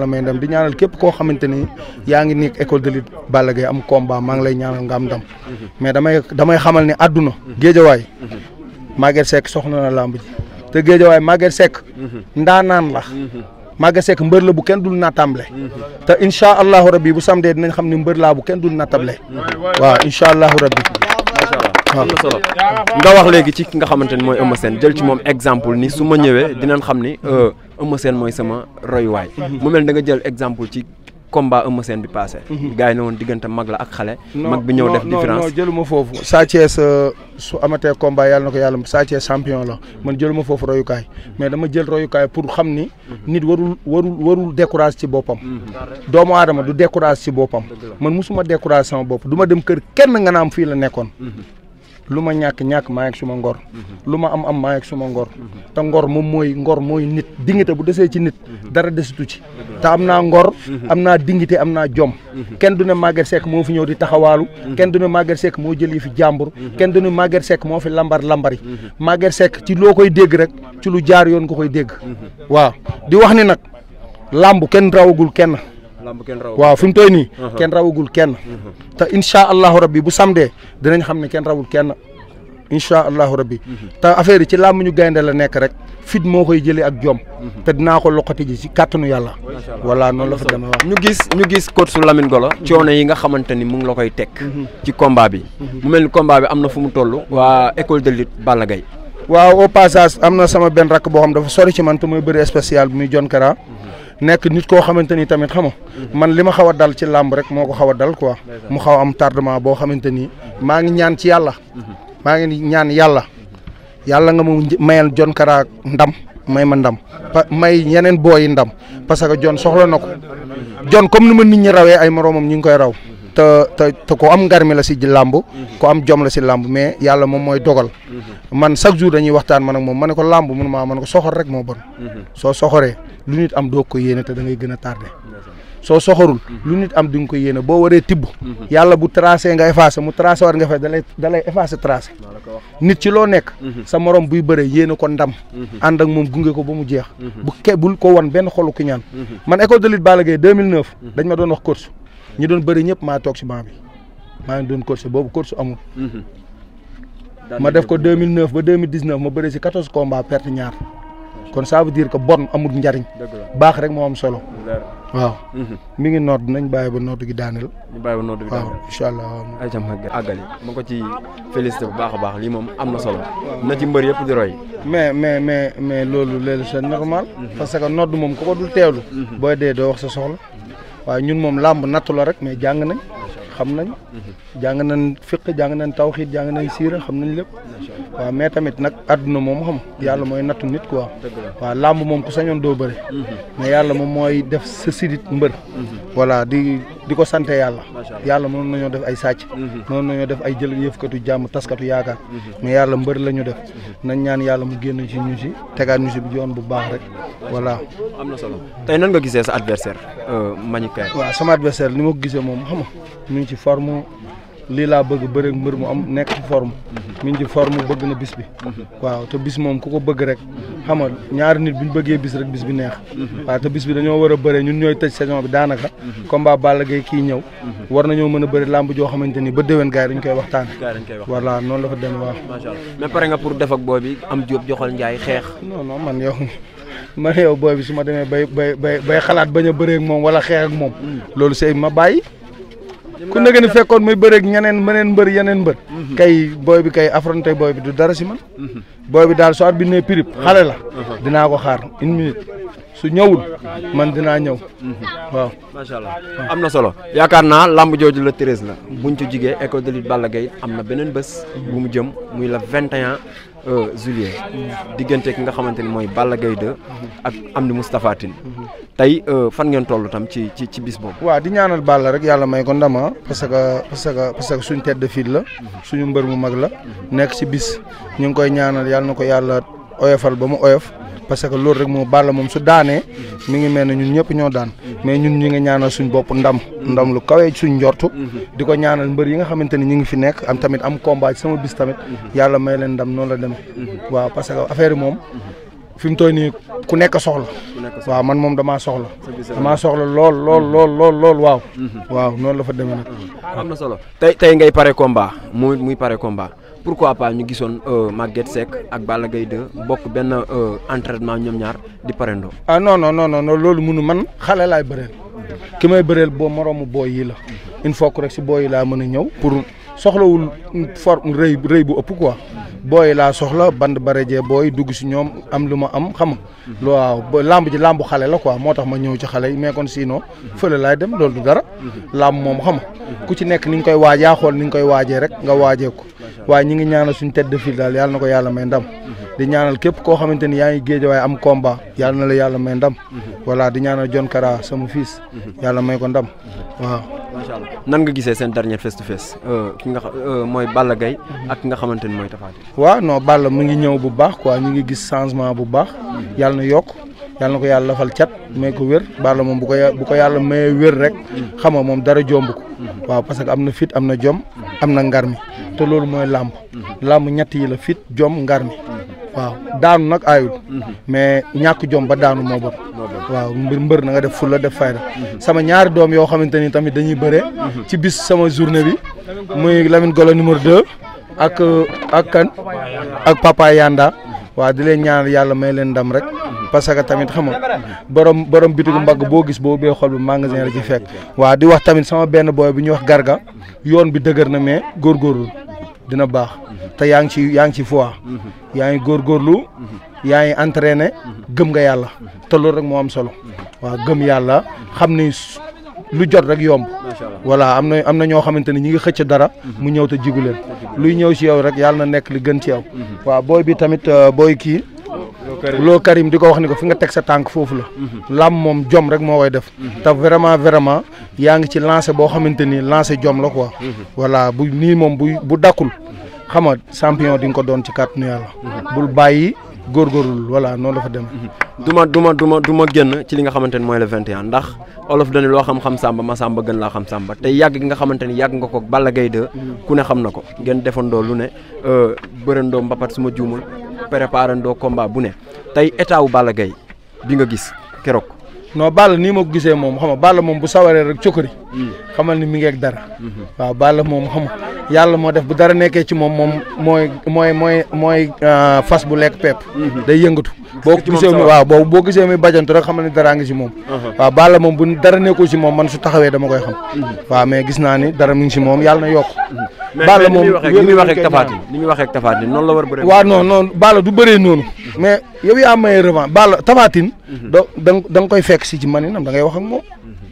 yàlla may ndam di ñaanal képp koo xamante ni yaa ngi nekk école de lutte Balla Gaye am combat maa ngi lay ñaanal nga am ndam mais damay damay xamal ne àdduna géejawaay Maguette Seck soxna na làmb ji te géejawaay Maguette Seck ndaanaan la Maguette Seck mbër la bu kenn dul nattable te incha allahu rabbi bu samdee dinañ xam ne mbër laa bu kenn dul nattable waaw incha allahu rabbi am na solo nga wax léegi ci ki nga xamante ni mooy Eumeu Sène jël ci moom exemple ni su ma ñëwee dinañ xam ni euh, Eumeu Sène mooy sama royuwaay mhm. mu mel da nga jël exemple ci combat Eumeu Sène bi passé mhm. gars yi ne woon diggante mag la ak xale mag bi ñëw def différence Sa Thiès euh, su amatee combat yàlla na ko yàlla Sa Thiès champion la man jëluma foofu royukaay mais dama jël royukaay pour xam ni mhm. nit warul warul warul décourage ci boppam doomu aadama du décourage ci boppam man musuma décourage sama bopp du ma dem kër kenn nga naam fii la nekkoon lu ma ñàkk ñàkk maa ngi suma ngor lu ma am am maa ngi suma ngor te ngor moom mooy ngor mooy nit dignité bu desee ci nit dara desitu ci te am naa ngor am naa dignité am naa jom kenn du ne Maguette Seck moo fi ñëw di taxawaalu kenn du ne Maguette Seck moo jël yi fi jàmbur kenn du ne Maguette Seck moo fi lambar lambari Maguette Seck ci loo koy dégg rek ci lu jaar yoon nga koy dégg waaw di wax ni nag làmb kenn rawagul kenn waaw fi mu toy nii kenn rawagul kenn te incha allahu rabbi bu samdee dinañ xam ne kenn rawul kenn incha allahu rabbi te affaire ci làmb ñu gaynde la nekk rek fit moo koy jëlee ak jom te dinaa ko loqati ji ci kàttanu yàlla voilà noonu la fa demee wax ñu gis ñu gis coach Golo coono yi nga xamante ni mu la koy teg ci combat bi mu mel ni combat bi am na fu mu toll waa école de lutte Balla Gaye waaw au passage am na sama benn rakk boo xam dafa sori ci man te muy bëri spécial bi nekk nit koo xamante ni tamit xam nga mhm. man li ma xaw a dal ci làmb rek moo ko xaw a dal quoi mu xaw a am tardement boo xamante ni mhm. maa ngi ñaan ci yàlla mhm. maa ngi ñaan yàlla yàlla nga mu mayal jon Kara ndam may ma ndam may yeneen booyi ndam parce que John soxla na ko John comme ni ma nit ñi rawee ay moroomam ñu ngi koy raw te te te ko am ngarmi la si làmb ko am jom la si làmb mais yàlla moom mooy dogal man chaque jour dañuy waxtaan man ak moom ma ne ko làmb mun maa man ko soxor rek moo bon soo soxoree lu nit am doo ko yéene te da ngay gën a tardé soo soxorul lu nit am di nga ko yéene boo waree tibb yàlla bu tracé nga effacé mu tracé war nga fa dalay dalay effacé tracé nit ci loo nekk sa morom buy bëree yéene ko ndam ànd ak moom gunge ko ba mu jeex bu kebul ko wan benn xolu ki ñaan man école de lutte Balla Gaye 2009 dañ ma doon wax course ñu doon bëri ñëpp maa toog si banc bi maa ngi doon coach boobu coach amul. Mhm. ma def ko 2009 ba 2019 ma bëri si 14 combats perte ñaar. kon ça veut ko bon amul njariñ baax rek moo am solo. waaw. Mhm. mi ngi noot nañ bàyyi ba nootu gi daaneel. ñu bàyyi ba nootu gi daaneel waaw incha allah. ayca ma àggali ko ci félicité bu baax baax lii moom am na solo na ci mbër yëpp di roy. mais mais mais mais loolu léegi c'est normal. Mhm. parce que noot moom ku ko dul teelu booy dee doo wax sa soxla. waaye ñun moom làmb nattu la rek mais jàng nañ xam nañ jàng nañ fiq jàng nañ tawxiit jàng nañ siira xam nañ lépp waaw mais tamit nag àdduna moom xam yàlla mooy nattu nit quoi waaw làmb moom ku sañoon doo bëre mhm. mais yàlla moom mooy def sa sidit mbër mhm. voilà di di ko sante yàlla yàlla na ñoo def ay sàcc mhm. na nañoo def ay jël yëfkatu jàmm taskatu yaakaar mais yàlla mbër la ñu def nañ ñaan yàlla mu génn ci ñu si tegaat ñu si yoon bu baax rek voilà am na solo tey nan nga gisee sa adversaire euh, Mbagnick Kaïré waaw sama adversaire li ma ko gisee moom xam nga mu ngi ci forme lii laa bëgg bëreeg mbër mu am nekk ci forme mhm. mi ngi ci forme bëgg na bis bi mhm. waaw te bis moom ku ko bëgg rek xam ñaari nit bu ñu bëggee bis rek bis bi neex mhm. waaw te bis bi dañoo war a bëree ñun ñooy tëj saison bi daanaka combat Balla Gaye kii ñëw war na ñoo mën a bëri làmb joo xamante ni ba déwén gars dañ koy waxtaan voilà noonu la fa dem waaw macha allah mais pare nga pour def ak boobi am Diop joxal Njaay xeex non non man yow man yow bi su ma demee bay bay bay bay xalaat bañ a bëree moom wala xeex ak moom mm. loolu sëy ma bàyyi ku ne gën a fekkoon muy bëreeg ñeneen meneen mbër yeneen mbër. Mhm. kay booy bi kay affronté booy bi du dara si man. Mhm. booy bi daal soir bi ne pirip mhm. xale la. Uh-huh. dinaa ko xaar une minute su ñëwul man dinaa ñëw. waaw macha allah am na solo yaakaar naa lamb jooju la treize la buñ ci jigee école de lutte Balla Gaye am na beneen bés. bu mu jëm muy la vingt et Euh, juillet diggante ki nga xamante ni mooy Balla Gaye ak am Moustapha Tine tey euh, fan ngeen toll tam ci ci ci bis boobu waa di ñaanal Balla rek yàlla may ko ndama ah, parce que parce que parce que suñ tête de file la suñu mbër mu mag la nekk ci bis ñu ngi koy ñaanal yàlla na ko yàlla oyofal ba mu oyof parce que loolu rek moo Balla moom su daanee mu ngi mel ne ñun ñëpp ñoo daan mais ñun ñi ngi ñaanal suñ bopp ndam ndam lu kawee suñ njortu di ko ñaanal mbër yi nga xamante ni ñu ngi fi nekk am tamit am combat ci sama bis tamit yàlla may leen ndam noonu la demee waaw parce que affaire moom fi mu toll nii ku nekk soxla waaw man moom damaa soxla damaa soxla lool lool lool lool waaw waaw noonu la fa demee nag na solo tey tey ngay pare combat muy muy pare combat pourquoi pas ñu gisoon euh, Maguette Seck ak Balla Gaye 2 bokk benn euh, entraînement ñoom ñaar di parendo ah non non non non loolu munu man xale laay bëreel ki may bëreel boo moroomu booy yi la il faut que rek si booy yi laa mën a ñëw pour soxlawul forme rëy rëy bu ëpp quoi booy laa soxla band barajee booy dugg si ñoom am lu ma am xam nga mhm. waaw làmb ji làmb xale la ko moo tax ma ñëw ci xale yi mais kon sinon mhm. fële laay dem loolu du dara mhm. làmb moom xam ku ci nekk ni nga koy waaj yaa xool ni nga koy waajee rek nga waajee ko waaye ñu ngi ñaanal suñu tedd de daal yàlla na ko yàlla may ndam di ñaanal képp koo xamante ni yaa ngi géej waaye am komba yàlla na la yàlla may ndam voilà di ñaanal John Kara sama fiis yàlla may ko ndam waaw macha allah nan nga gisee seen dernier face to face ki nga euh, mooy Balla gay ak ki nga xamante ni mooy Tapha waa no non Balla mu ngi ñëw bu baax quoi ñu ngi gis changement bu baax yàlla na yokk yàlla na ko yàlla lafal cat may ko wér Balla moom bu ko bu ko yàlla mayee wér rek xam nga moom dara jomb ko mm-hmm. waaw parce que am na fit am na jom am na ngar mi te loolu mooy làmb làmb ñett yi la fit jom ngar mi waaw daanu nag aayul mais ñàkk jom ba daanu moo bon waaw mbir mbër na nga def fulla def fayda sama ñaari doom yoo xamante ni tamit dañuy bëre ci bis sama journée bi muy Lamine Golo numéro 2 ak ak kan ak Papa Yanda waaw di leen ñaanal yàlla may leen ndam rek parce que tamit xam nga borom borom bitigu mbagg boo gis boo bee xol bi magasin la ci fekk waa di wax tamit sama benn booy bu ñuy wax garga yoon bi dëgër na mais góorlu dina baax te yaa ngi ci yaa ngi ci foi yaa ngi góorgóorlu yaa ngi entraîné gëm nga yàlla te loolu rek moo am solo waaw gëm yàlla xam ni lu jot rek yomb voilà am na am na ñoo xamante ne ñi ngi xëcc dara mu ñëw te jigu luy ñëw si yow rek yàlla na nekk li gën ci yow mhm. waaw booy bi tamit euh, booy kii loo Karim di ko wax ni ko fi nga teg sa tànk foofu la mhm. lam moom jom rek moo koy def mhm. te vraiment vraiment yaa ngi ci lancé boo xamante ni lancé jom la quoi voilà bu nii moom bu bu dakkul xam nga champion di nga ko doon ci kàttanu yàlla bul bàyyi góorgóorlu voilà noonu la fa dem mhm. du ma du ma du ma du ma génn ci li nga xamante ni mooy le 21 ndax olof dani loo xam-xam sàmba ma sàmba gën laa xam sàmba te yàgg gi nga xamante ni yàgg nga ko Balla Gaye mhm. ku ne xam na ko ngeen defandoo lu ne euh, bërëndoo mbapat su ma juumul préparandoo combat bu ne tey état wu Balla Gaye bi nga gis keroog non Balla nii ma gisee moom xam nga Balla moom bu sawaree rek cokkari hmm. xamal ni mi ngi ak dara hmm. waaw Balla moom xam nga yàlla moo def bu dara nekkee ci moom moom mooy mooy mooy mooy euh, fas bu lekk pepp hmm. day yëngatu boo gisee mi boo boo gisee mi bajantu rek xamal ni daraa ngi si moom uh-huh. waaw Balla moom dara nekkul si moom man su taxawee dama koy xam waaw mais gis naa ni dara mi ngi si moom yàlla na yokk Balla moom li muy waxee ak Tapha Tine li muy waxee noonu la war bëree waaw non non Balla du bëree noonu mais yow yaa may revanche Balla Tapha Tine. Mhm. doo da nga koy fekk si ci maninam da ngay wax ak moom. Mhm.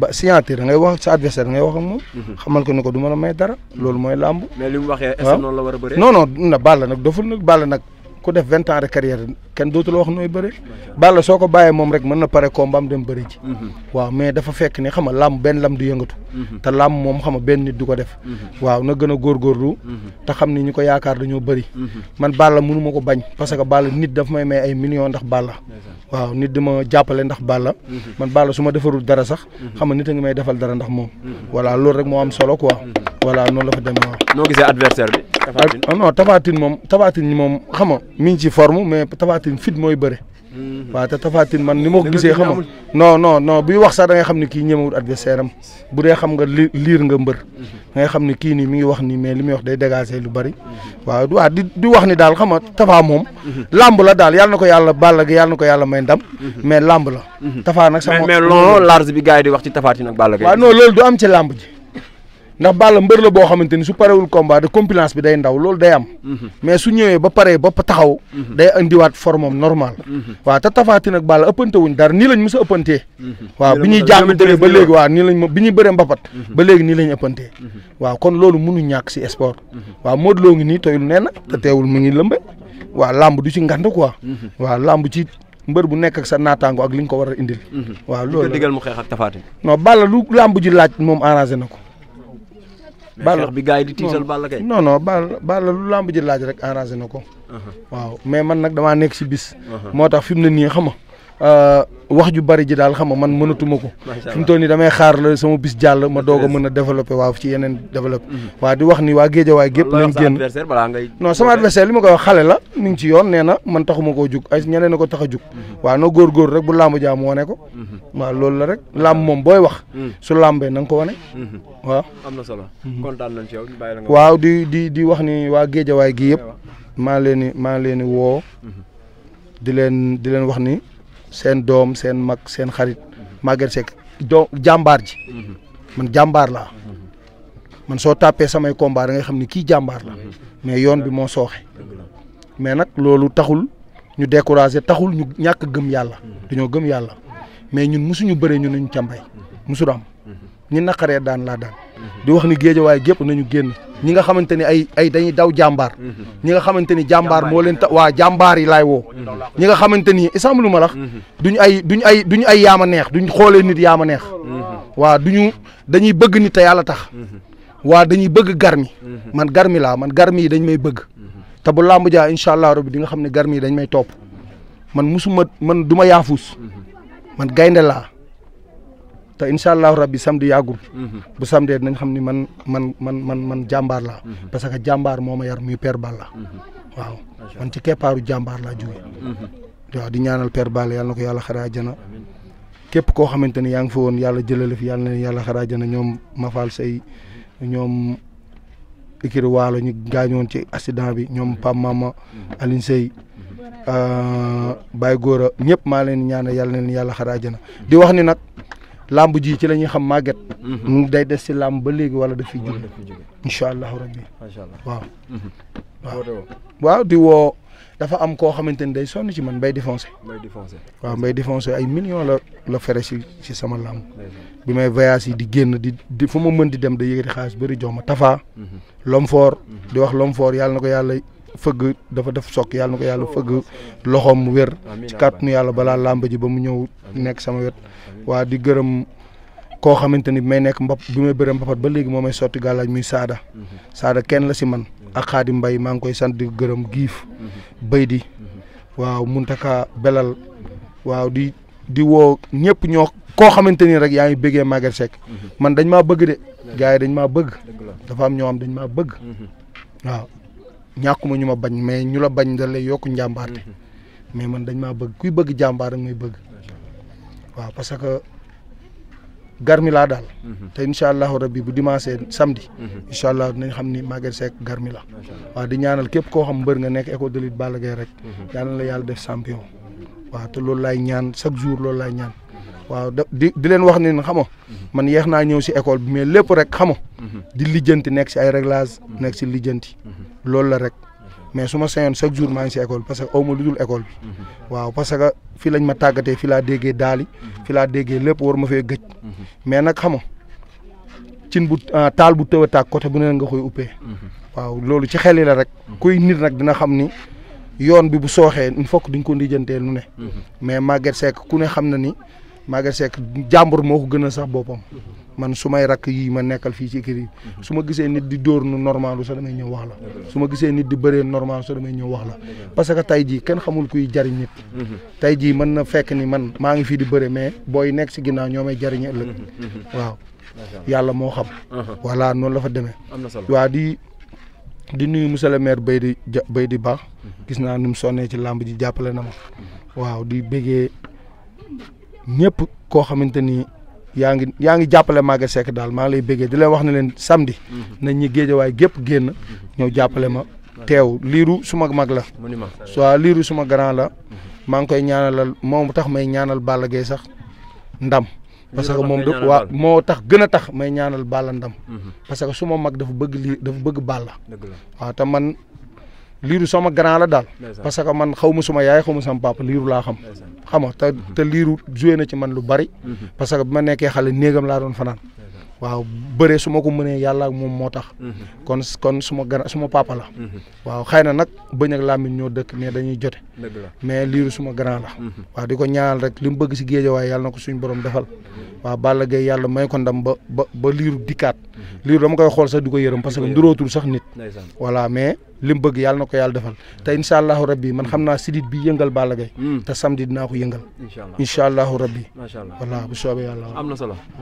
ba signature da ngay wax sa adversaire da ngay wax ak moom. Mhm. xamal ko ni ko du ma la may lool loolu mooy làmb. mais li mu waxee est-ce la war a bëree. non non Balla nag doful nag baala nag ku def vingt ans de carrière kenn dootul wax nooy bëri Balla soo ko bàyyee moom rek mën na pare combat am dem bëri ji mhm. waaw mais dafa fekk ni xam nga làmb benn làmb du yëngatu mhm. te làmb moom xam nga benn nit du ko def mhm. waaw na gën a góorgóorlu te xam ni ñu ko yaakaar dañoo bëri man Balla mënu ma ko bañ parce que Balla nit dafa may may ay million ndax Balla waaw nit di ma jàppale ndax Balla man Balla su ma defarul dara sax xam nga nit a ngi may defal dara ndax moom voilà loolu rek moo am solo quoi voilà noonu la fa demee waaw noo gisee adversaire bi ah non moom tafatin moom xam nga mi ngi ci forme fit mooy bëre. Mhm. waaw te tafatin man ni ma ko gisee xam nga non non non buy wax sax da ngay xam ne kii ñemewul adversaire am bu dee xam nga li liir nga mbër mhm. da ngay xam ne kii nii mi ngi wax nii li muy wax day dégager lu bari mhm. waaw waaw di di ni daal xam nga tafaa moom làmb la daal yàlla na ko yàlla Balla Gaye yàlla na ko yàlla may ndam mais làmb la tafaa nag sama mais mais non large bi gars yi di wax tafaatin ak Balla ndax Balla mbër la boo xamante ni su parewul combat de compilance bi day ndaw loolu day am. Mhm. mais su ñëwee ba paree ba taxaw. Mhm. day andiwaat forme am normal. Mhm. waaw te tafaati nag Balla ëppante wuñ dara nii lañ mës a ëppantee. waaw bi ñuy jaamante ba léegi nii lañ ma bi ñuy bëree mbapat. ba léegi nii lañ ëppantee. waaw kon loolu mënu ñàkk si sport. waaw Modou Lo ngi nii tooyul nee na teewul mu ngi lëmbe. waaw làmb du ci ngand quoi. waaw làmb ci. mbër bu nekk ak sa naataango ak li ko war a indil. waaw loolu la digal mu xeex ak Tapha Tine. ji laaj moom arrangé na ko. Balla bi gars yi di tiital Balla kay. non non ji laaj rek arrangé na ko. Uh-huh. waaw mais man nag damaa nekk si bis. Uh-huh. moo tax fi mu ne nii xam nga Euh, wax ju bari ji daal xam nga man mënatuma ko fi mu toll nii damay xaar la sama bis jàll ma doog a mën a développé waaw ci yeneen développé mhm. waaw di wax ni waa géejawaay gépp nañ génn non sama adversaire li ma koy wax xale la mi ngi ci yoon nee na man taxuma koo jug ay ñeneen ko tax a jug mhm. waaw na góorgóor rek bu làmb jaam wane ko mhm. waaw loolu la rek làmb moom booy wax su làmbee na nga ko wane waaw am na solo kontaan nañ ci yow bàyyi la waaw di di di wax ni waa géejawaay gi yëpp maa leen i maa leen i woo di leen di leen wax nii seen doom seen mag seen xarit Maguette Seck doo jàmbaar ji man jàmbaar laa man soo tàppee samay combat da nga xam ni kii jàmbaar la mais yoon bi moo sooxe mais nag loolu taxul ñu découragé taxul ñu ñàkk gëm yàlla dañoo gëm yàlla mais ñun mosuñu bëree ñu nañu càmbay mosul am ñi naqaree daan laa daan di wax ni waaye gépp nañu génn ñi nga xamante ni ay ay dañuy daw jàmbaar ñi nga xamante ni jàmbaar moo leen ta waa jàmbaar yi laay woo ñi nga xamante ni isamblu ma lax duñu ay duñu ay duñu ay yaama neex duñ xoolee nit yaama neex waa du ñu dañuy bëgg nit te yàlla tax waa dañuy bëgg garmi man garmi laa man garmi yi dañ may bëgg te bu làmb jaa incha allah rabbi di nga xam ne garmi yi dañ may topp man musuma man du ma yaafuus man gaynde laa te incha allahu rabbi samedi yàggul. Mhm. bu samedi dinañ xam ni man man man man man jàmbaar laa. Mhm. parce que jàmbaar moom ma yar muy Père Balla. Mhm. waaw man ci keppaaru jàmbaar laa jógee. waaw di ñaanal Père Balla yàlla na ko yàlla xaraa jana képp koo xamante ni yaa ngi fa woon yàlla jëlale fi yàlla na yàlla xaraa jana ñoom Mafal say ñoom Ikiri Waalo ñu gaañoon ci accident bi ñoom Pam Mama Aline Sey euh, Baye Gora ñëpp maa leen ñaanal yàlla na leen yàlla xaraa di wax ni nag. làmb ji ci la ñuy xam màgget. Mhm. day des si làmb ba léegi wala dafiy jóge. incha allahu rabbi waaw. Mhm. waaw waaw di woo dafa am koo xamante ni day sonn ci man Mbaye Défoncé. Mbaye Défoncé waaw mbay Défoncé ay millions la la fere si si sama làmb. bi may voyage yi di génn di di fu ma mën di dem da yëkkati xaalis bëri jox ma Tafa. Mhm. Lomfor di wax Lomfor yàlla na ko yàlla. fëgg dafa def soog yàlla na ko yàlla fëgg loxoom mu wér ci kàttanu yàlla balaa làmbaji ba mu ñëw nekk sama wet waa di gërëm koo xamante ni may nekk mbap bi may bëre mbapat ba léegi moo may sotti gàllaaj muy saada mm-hmm. saada kenn la si man mm-hmm. ak xaadi mbay maa ngi koy sant di gërëm giif mm-hmm. bay di waaw muntaka belal waaw di di woo ñëpp ñoo koo xamante ni rek yaa ngi bëggee Maguette Seck man dañ maa bëgg de gars yi dañ maa bëgg dafa am ñoo am dañ maa bëgg ñàkkuma ñu ma bañ mais ñu la bañ da lay yokk njàmbaarte mhm. mais man dañ maa bëgg kuy bëgg jàmbaar rek may bëgg waaw parce que garmi laa daal mhm. te incha allahu rabbi bu dimanche samedi mhm. incha allah dinañ xam ni Maguette Seck garmi la waaw di ñaanal képp koo xam mbër nga nekk école de lutte rek yal la yàlla def champion waaw te loolu laay ñaan chaque jour loolu laay ñaan waaw di di leen wax ni xam nga mhm. man yeex naa ñëw si école bi mais lépp rek xam nga mhm. di lijjanti nekk si ay réglage mhm. nekk si lijjanti loolu la rek mais su ma sañoon chaque jour maa ngi parce que aw ma lu waaw parce que fii lañ ma tàggatee fii laa déggee daali fii laa déggee lépp war ma fee mais nag xam nga cin bu ah, taal bu tëw a tàkk bu ne nga koy uppee waaw loolu ci xel yi rek kuy nit nag dina xam ni yoon bi bu sooxee il faut que ko lijjantee lu ne mais Maguette Seck ku ne xam na ni Maguette Seck jàmbur moo ko gën a sax boppam man su may rakk yii ma nekkal fii si kër yi su ma gisee nit di dóor nu normal sa damay ñëw wax la su ma gisee nit di bëree normal sa damay ñëw wax la parce que tey jii kenn xamul kuy jariñ nit tey jii mën na fekk ni man maa ngi fii di bëre mais booy nekk si ginnaaw ñoo may jariñ ëllëg waaw yàlla moo xam voilà noonu la fa demee waa di di nuyu monsieur le maire bay di bay di mhm. baax gis naa nu mu sonnee ci làmb ji jàppale na ma waaw di bëggee ñëpp koo xamante ni yaa ngi yaa ngi jàppale Maguette Seck daal maa ngi lay bëggee di leen wax ne leen samedi. Mhm. nañ ñi waaye gépp génn mhm. ñëw jàppale ma teew liiru suma mag la. soit liiru suma grand la. Mhm. maa ngi koy ñaanalal moom tax may ñaanal Balla Gaye sax ndam. parce que moom da waa moo tax gën a tax may ñaanal Balla ndam. parce que suma mag dafa bëgg lii dafa bëgg Balla. waaw te man liiru sama grand la daal parce que man xaw ma suma yaay xaw ma sama papa liiru laa xam xam nga te te liiru joué na ci man lu bari mhm. parce que bu ma nekkee xale néegam laa doon fanaan waaw bëre su ma ko mënee yàlla moom moo tax. Mhm. kon kon ma grand suma papa la. Mhm. waaw xëy na nag bëñ ak làmmiñ ñoo dëkk mais dañuy jote. mais liiru suma grand la. Mhm. waaw di ko ñaanal rek li mu bëgg si géej waaye yàlla na ko suñu borom defal. waaw Balla Gaye yàlla may ko ndam ba ba ba liiru dikkaat. liiru dama koy xool sax di ko yërëm parce que ndurootul sax nit. voilà mais li mu bëgg yàlla na ko yàlla defal te incha allahu rabbi man xam naa sidit bi yëngal Balla Gaye mm. te samedi ko yëngal. incha allahu rabbi. macha allah voilà bu soobee yàlla. am na solo